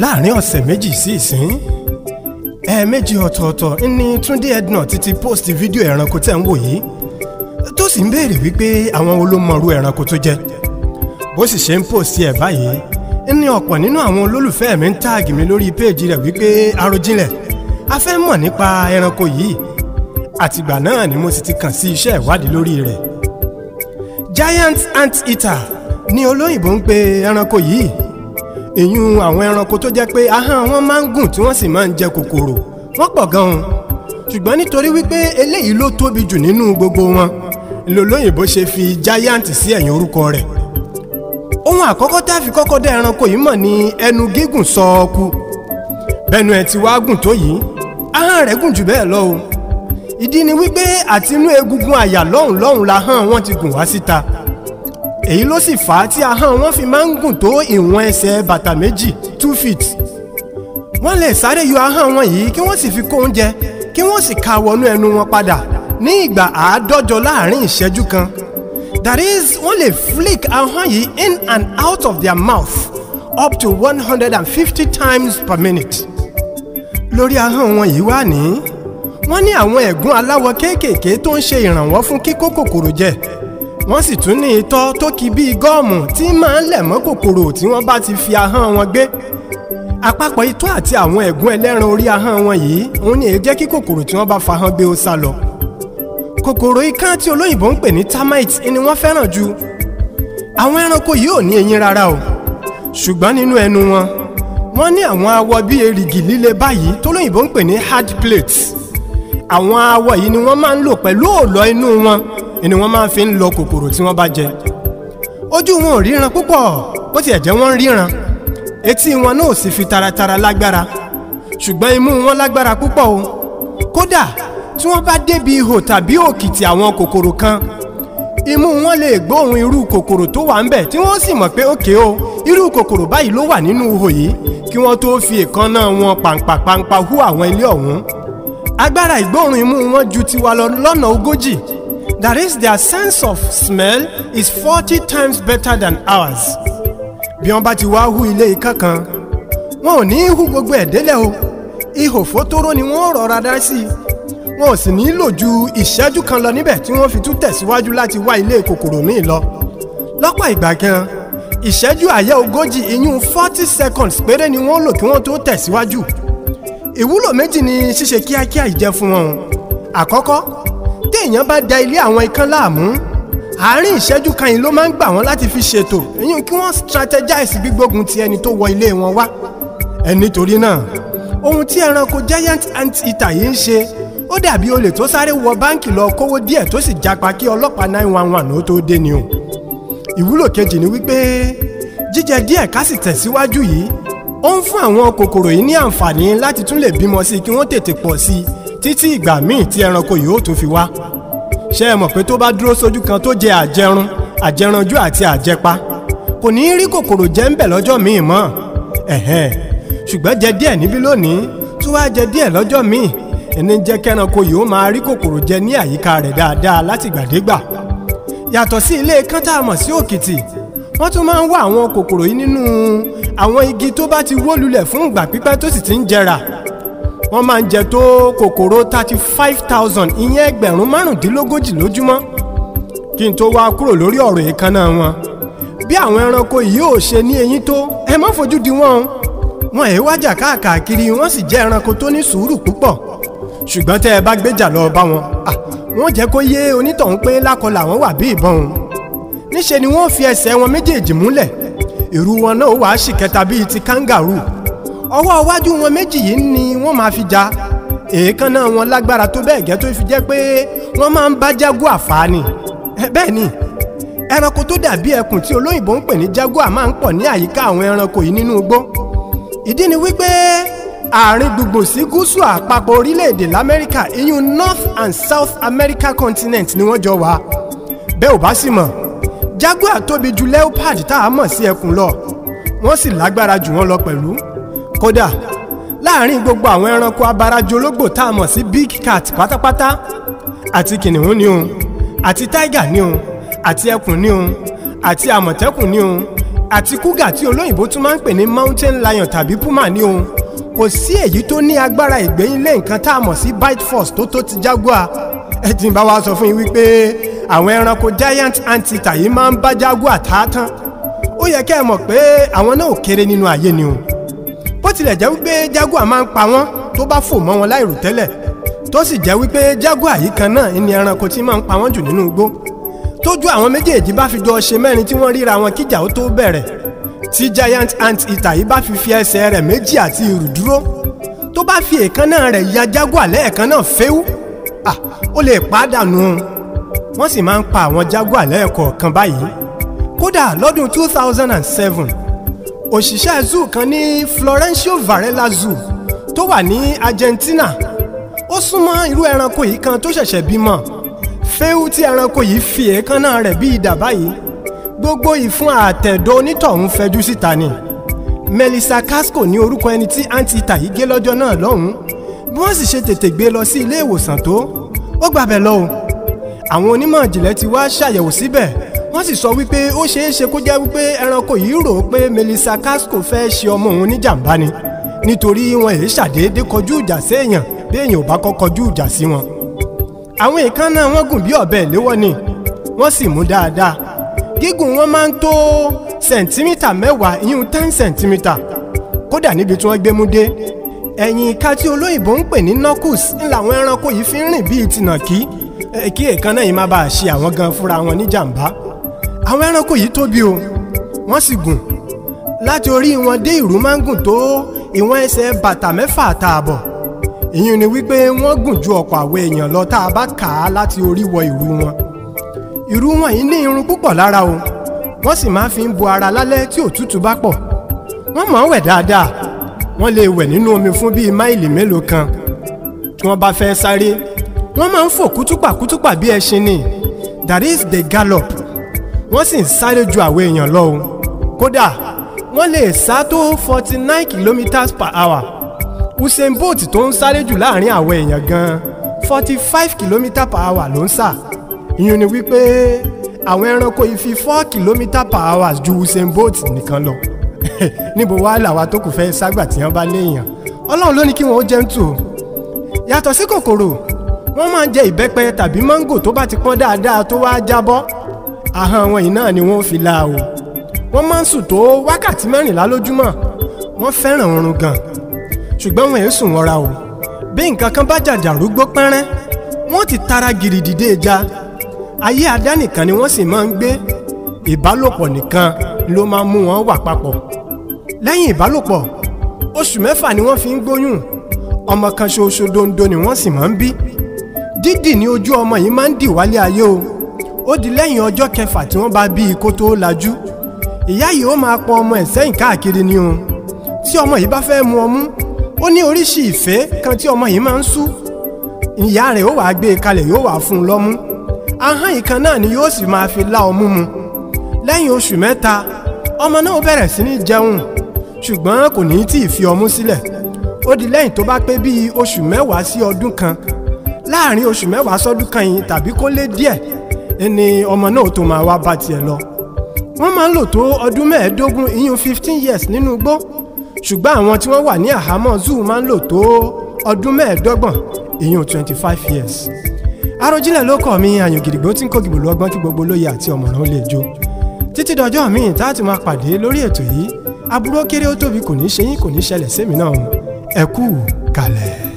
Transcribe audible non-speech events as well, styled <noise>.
láàrin ọ̀sẹ̀ méjì sí ìsín ẹ̀ẹ̀mejì ọ̀tọ̀ọ̀tọ̀ ni Túndé Edna títí post fídíò ẹranko tẹ̀ ń wò yìí tó sì ń béèrè wípé àwọn olómọ̀ọ́rú ẹranko tó jẹ́ bó sì ṣe ń post ẹ̀ báyìí ní ọ̀pọ̀ nínú àwọn olólùfẹ́ mi ń táàgì mi lórí péèjì rẹ̀ wípé Àròjinlẹ̀ a fẹ́ mọ̀ nípa ẹranko yìí àtìgbà náà ni mo sì ti kàn sí iṣẹ́ ìwádìí lórí rẹ̀ giant eater ni olóyìnbó ń pe ẹranko yìí ìyún àwọn ẹranko tó jẹ́ pé ahọ́n wọn máa ń gùn tí wọ́n sì máa ń jẹ kòkòrò wọ́n pọ̀ gan-an ṣùgbọ́n nítorí wípé eléyìí ló tóbi jù nínú gbogbo wọn lolóyìnbó ṣe fi giant sí ẹ̀yìn orúkọ rẹ̀ ohun àkọ́kọ́ tá a fi kọ́kọ́ dá ẹranko yìí mọ̀ ni ẹnu gígùn sọ́ọ́kù bẹ́nu ẹ̀ ti wá gùn tó yìí ahọ́n rẹ̀ gùn jù bẹ́ẹ̀ lọ o ìdí ni wípé àtinú egungun àyà lọ́hùn lọ́hùn la hàn wọ́n ti gùn wá síta. Si èyí ló sì fà á tí ahọ́n wọn fi máa ń gùn tó ìwọ̀n ẹsẹ̀ bàtà méjì two feet wọ́n lè sáré yọ ahọ́n wọn yìí kí wọ́n sì fi kó oúnjẹ kí wọ́n sì ka wọnú ẹnu wọn padà ní ìgbà àádọ́jọ láàrin ìṣẹ́jú kan that is wọ́n lè flick ahọ́n yìí in and out of their mouth up to one hundred and fifty times per minute lórí ahọ́n wọn yìí wà ní wọ́n ní àwọn ẹ̀gún aláwọ̀ kéékèèké tó ń ṣe ìrànwọ́ fún kíkó kòkòrò jẹ wọ́n sì tún ní itọ́ tó kí bíi gọ́ọ̀mù tí máa ń lẹ̀ mọ́ kòkòrò tí wọ́n bá ti fi ahọ́n wọn gbé àpapọ̀ itọ́ àti àwọn ẹ̀gún ẹlẹ́ran orí ahọ́n wọn yìí òun ni èyí jẹ́ kí kòkòrò tí wọ́n bá fahọ́n gbé ó sá lọ kòkòrò ikán tí olóyìnbó ń pè ní termite ni wọ́n fẹ́ràn jù àwọn ẹranko yìí ò ní eyín rárá o ṣùgbọ́n nínú ẹnu wọn wọ́n ní àwọn awọ bíi erìgì líle báyìí tólóyìnbó ń pè ní hard plates àwọn awọ yìí ni wọ́n máa ń lò pẹ̀lú òòlọ́ inú wọn ni wọ́n máa fi ń lọ kòkòrò tí wọ́n bá jẹ ojú wọn ò ríran púpọ̀ bó tiẹ̀ jẹ́ wọ́n ń ríran etí wọn náà ò sì fi taratara lágbára ṣùgbọ́n imú wọn lágbára púpọ̀ o kódà tí wọ́n bá débi ihò tàbí òkìtì àwọn kòkòrò kan imú wọn lè gbóhùn irú kòkòrò tó wà ńbẹ̀ tí wọ́n sì mọ̀ pé òkè o irú kòkòrò báyìí ló wà nínú ihò yìí kí wọ́n tó fi èékánná wọn pàǹpàpàǹpà hú àwọn ilé ọ̀hún agbára ìgbóhùn imú wọn ju tiwa lọ lọ́nà ogójì that is their sense of smell is forty times better than ours. bí wọ́n bá ti wá hu ilé ikán kan wọn ò ní í hu gbogbo ẹ̀ délẹ̀ o ihò fótóró ni wọ́n rọra dá sí i wọn ò sì ní í lò ju ìṣẹ́jú kan lọ níbẹ̀ tí wọ́n fi tún tẹ̀síwájú láti wá ilé kòkòrò míì lọ lọ́pọ̀ ìgbà gan ìṣẹ́jú àyẹ́ ogójì ìyún forty seconds péré ni wọ́n lò kí wọ́n tó tẹ̀síwájú ìwúlò méjì ni ṣíṣe kíákíá ìjẹ fún wọn àkọ́kọ́ tí èèyàn bá da ilé àwọn ikán láàmú àárín ìṣẹ́jú kan yìí ló máa ń gbà wọ́n láti fi ṣètò èyí kí wọ́n strategize gbígbógun ti ẹni tó wọ ilé wọn wá ẹ nítorí náà ohun tí ẹranko giant anteater yìí ń ṣe ó dàbí olè tó sáré wọ báǹkì lọ kówó díẹ̀ tó sì japa kí ọlọ́pàá nine one one ó tó dé ni o ìwúlò kejì ni wípé jíjẹ díẹ̀ ká sì tẹ̀síwájú yìí ó ń fún àwọn kòkòrò yìí ní àǹfààní láti tún lè bímọ sí i kí wọ́n tètè pọ̀ sí i títí ìgbà míì tí ẹranko yìí ó tún fi wá ṣé ẹ mọ̀ pé tó bá dúró sójú kan tó jẹ àjẹrun àjẹranjú àti àjẹpa kò ní í rí kòkòrò jẹ ń bẹ lọ́jọ́ míì mọ́ ẹ̀hẹ́n ṣùgbọ́n jẹ díẹ̀ níbí lónìí tó wá jẹ díẹ̀ lọ́jọ́ míì ẹni jẹ́ kẹ́ranko yìí ó máa rí kòkòrò jẹ ní àyíká rẹ̀ dáadáa látìgbàdégbà yàtọ̀ sí ilé kan tá a mọ̀ sí òkìtì wọ́n tún máa ń wá àwọn kòkòrò yìí nínú àwọn igi tó bá ti wó lulẹ̀ fún ìgbà pípẹ́ tó sì ti ń jẹrà wọ́n máa ń jẹ tó kòkòrò thirty five thousand ìyẹn ẹgbẹ̀rún márùndínlógójì lójúmọ́ kí n tó wá kúrò lórí ọ̀rọ̀ èékánná wọn bí àwọn ẹranko yìí ò ṣe ní eyín tó ẹ má fojú di wọn o wọn èé wájà káàkiri wọ́n sì jẹ́ ẹranko tó ní sùúrù púpọ̀ ṣùgbọ́n tẹ́ ẹ bá gbéjà lọ bá wọn wọ́n jẹ́ kó yé onítọ̀hún pé lákọ làwọn wà bí ìbọn òun níṣe ni wọ́n fi ẹsẹ̀ wọn méjèèjì múlẹ̀ ìrù wọn náà wàá ṣìkẹta bíi ti kangaroo ọwọ́ iwájú wọn méjì yìí ni wọ́n máa fi jà èékánná wọn lágbára tó bẹ́ẹ̀ gẹ́ tó fi jẹ́ pé wọ́n máa ń bá jaguar fà ni bẹ́ẹ̀ ni ẹranko tó dàbí ẹkùn tí olóyìnbó ń pè ní jaguar máa ń pọ̀ ní àyíká àwọn ẹranko yìí nínú igbó ìdí ni wípé àárín gbùngbùn sí gúúsù àpapọ̀ orílẹ̀-èdè lamẹ́ríkà ìyún North and South America continent ni wọ́n jọ wà bẹ́ẹ̀ ò bá sì mọ̀ jaguar tóbi ju leopard tá a mọ̀ sí ẹkùn lọ wọ́n sì lágbára jù wọ́n lọ pẹ̀lú kódà láàárín gbogbo àwọn ẹranko abarajológbò tá a mọ̀ sí big cat pátápátá àti kìnìún ni òun àti tiger ni òun àti ẹkùn ni òun àti àmọ̀tẹ́kùn ni òun àti kúgà tí olóyìnbó tún máa ń pè ní mountain lion tàbí puma ni òun kò sí èyí tó ní agbára ìgbẹ́yìn lé nǹkan tá a mọ̀ sí bite force tó tó ti jaguar ẹ ti ń bá wa sọ fún yín wípé àwọn ẹranko giant anteater yìí máa ń bá jaguar tààtàn ó yẹ kẹ́ ẹ mọ̀ pé àwọn náà kéré nínú ayé ni òun bó tilẹ̀ jẹ́ wípé jaguar máa ń pa wọ́n tó bá fò mọ́ wọn láìròtẹ́lẹ̀ tó sì jẹ́ wípé jaguar yìí kan náà ni ẹranko tí máa ń pa wọ́n jù nínú igbó tójú àwọn méjèèjì bá fi jọ ṣe mẹ́rin tí wọ́n ríra wọn kíjà ó tó bẹ̀rẹ̀ tí giant anteater yìí bá fi fi ẹsẹ̀ rẹ̀ méjì àti ìrù dúró tó bá fi èékánná rẹ̀ ya jaguar lẹ́ẹ̀kan náà fẹ́wú ó lè pàdánù wọ́n sì máa ń pa àwọn jaguar lẹ́ẹ̀kọ̀ọ̀kan báyìí kódà lọ́dún two thousand and seven òṣìṣẹ́ zoo kan ní Florencio Varela zoo tó wà ní Argentina ó súnmọ́ irú ẹranko yìí kan tó ṣẹ̀ṣẹ̀ bímọ fẹ́hù tí ẹranko yìí fi èékánná rẹ̀ bí idà báyìí gbogbo ìfun àtẹ̀dọ̀ onítọ̀hún fẹjú síta ni Melissa Casco ní orúkọ ẹni tí àǹtí tà yìí gé lọ́jọ́ náà lọ́hùn-ún bí wọ́n sì ṣe tètè gbé lọ sí ilé ìwòsàn tó ó gbàbẹ̀ lọ o àwọn onímọ̀ ìjìnlẹ̀ ti wá ṣàyẹ̀wò síbẹ̀ wọ́n sì sọ wípé ó ṣeé ṣe kó jẹ́ wípé ẹranko yìí rò ó pé Melissa Casco fẹ́ ṣe ọmọ òun níjàmbá ni nítorí wọn èé ṣàdédé kọjú ìjà séèyàn bí èèyàn ò bá kọ́ kọjú ìjà sí wọn. àwọn èèkánná wọn gùn bí ọ̀bẹ ìléwọ́ ni wọ́n sì mú dáadáa gígùn wọn máa ń tó sẹ̀ǹtímítà mẹ́wàá ìyún ten sẹ̀ǹtímítà kódà níbi tí wọ́n gbé mú dé ẹ̀yìn ìka tí olóyìnbó ń pè ní knuckles làwọn ẹranko yìí fi ń rìn bíi tìnàkí kí èèkánná yìí má bàa ṣe àwọn gan fúnra wọn níjàmbá àwọn ẹranko yìí tóbi o wọ́n sì gùn láti orí wọn dé ìrù máa ń gùn tó ìwọ̀n ẹsẹ̀ bàtà mẹ́fà àtààbọ̀ ìyẹn ni wípé wọ́n gùn ju ọ̀pọ̀ àwọn èèyàn lọ tá a bá kà á láti orí wọ ìrù wọn ìrù wọn yìí ní irun púpọ̀ lára o wọ́n sì máa fi ń bo ara lálẹ́ tí òtútù bá pọ̀ wọ́n mọ̀ ọ́n wẹ̀ dáadáa wọ́n lè wẹ̀ nínú omi fún bíi máìlì mélòó kan tí wọ́n bá fẹ́ sáré wọ́n máa ń fò kútùpà kútùpà bí ẹṣin ni that is the gallop wọ́n sì ń sáré ju àwọn èèyàn lọ òun kódà wọ́n lè sá tó forty nine kilometers per hour Usain Bolt tó ń sáré jù láàrin àwọn èèyàn gan forty five kilometer per hour ló ń sà ìyẹn ni wípé àwọn ẹranko ìfi four kilometer per hour ju Usain Bolt nìkan lọ <laughs> níbo wá làwa tó kù fẹ́ ságbà tí wọ́n bá léèyàn Ọlọ́run ló ní kí wọ́n jẹun tù yàtọ̀ sí kòkòrò wọ́n máa ń jẹ ìbẹ́pẹ tàbí máńgò tó bá ti pọ́n dáadáa tó wá jábọ́ ahọ́n wọn yìí náà ni wọ́n fi la o wọ́n máa ń sùn tó wákàtí mẹ́rìnlá lójúmọ́ wọ́n fẹ́ràn oorun gan ṣùgbọ́n wọn èé sùn wọra o bí nǹkan kan bá jàjàrú gbó pẹ́rẹ́ wọ́n ti tara gìrì dìde ja ayé adá nìkan ni wọ́n sì máa ń gbé ìbálòpọ̀ nìkan ló máa ń mú wọn wà papọ̀ lẹ́yìn ìbálòpọ̀ oṣù mẹ́fà ni wọ́n fi ń gbóyún ọmọ kan ṣoṣo dondo ni wọ́n sì máa ń bí dídì ní ojú ọmọ yìí máa ń dì wálé ayé o ó di lẹ́yìn ọjọ́ kẹfà tí wọ́n bá bí i kó tó lajú ìyá yìí ó máa pọn ọmọ ẹ̀ sẹ́yìn káàkiri ni o tí ọmọ yìí bá fẹ́ mu ọmú ó ní oríṣi ìfẹ́ kan tí ọmọ yìí máa ń sú ìyá rẹ̀ ó wàá gbé e kalẹ̀ yóò wàá fún un lọ́mú ahọ́n ìkan náà ni yóò sì máa fi lá ọmú mu lẹ́yìn oṣù mẹ́ta ọmọ náà bẹ̀rẹ̀ sí ní jẹun ṣùgbọ́n kò ní tí ì fi ọmú sílẹ̀ ó di lẹ́yìn tó bá pé bíi oṣù mẹ́wàá sí ọdún kan láàrin oṣù mẹ́wàá sọ́dún kan yìí tàbí kó lé díẹ̀ ni ọmọ náà tó máa wá bá tiẹ̀ lọ wọ́n máa ń lò tó ọdún mẹ́ẹ̀ẹ́dógún ìyún fifteen years nínú igbó ṣùgbọ́n àwọn tí wọ́n wà ní àhámọ́ zoo máa ń lò tó ọdún mẹ́ẹ̀ẹ́dọ́gbọ̀n ìyún twenty five years Àròjinlẹ̀ ló kọ́ mi àyàn gidigbo tí ń kó gbogbo ọgbọ́n kí gbogbo olóye àti ọ̀mọ̀ràn ó lè jó títí dọjọ́ mi tá a ti máa pàdé lórí ètò yìí aburú kéré ó tóbi kò ní ṣe yín kò ní ṣẹlẹ̀ sẹ́mi náà ẹ kú kalẹ̀.